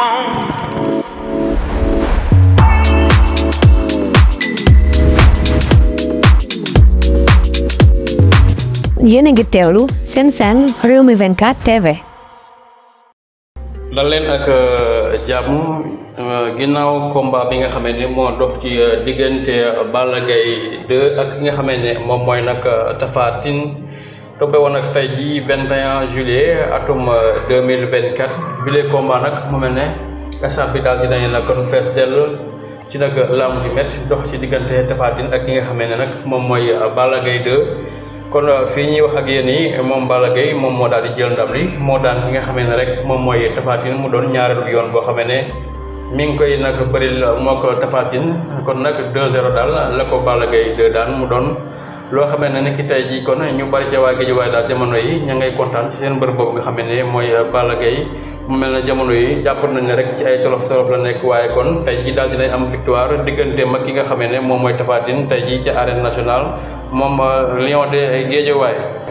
Yenegitelu, Sensen, Rumi sen TV. dal mi ak jàmm ginnaaw combat bi nga xamee ni moo dox ci uh, diggante uh, Balla Gaye 2 ak ki nga xamee ne moom mooy nag uh, tombé won ak tay ji 21 juillet atum 2024 euh, bi lé combat nak mu melné kassab bi dal dinañ nak kon fess del ci nak lam di met dox ci digënté tafatine ak ki nga xamé nak mom moy euh, Balla Gaye 2 kon euh, fi ñi wax ak yeen yi mom Balla Gaye mom mo dal di jël ndam li mo daan ki nga xamé rek mom moy tafatine mu doon ñaaral yoon bo xamé né mi ngi koy nak bëril moko tafatine kon nak 2-0 dal la ko Balla Gaye 2 daan mu doon loo xam ne ni ki tey jii kon ñu bari ca waa Guédiawaye daal jamono yi ña ngay kontaan ci seen mbër boobu nga xam ne mooy euh, Balla Gaye mu mel na jamono yi jàpp nañ ne rek ci ay tolof tolof la nekk waaye kon tey ji daal dinay am victoire diggante mag ki nga xam ne moom mooy Tapha Tine tey jii ci arène nationale moom euh, Lion de Guédiawaye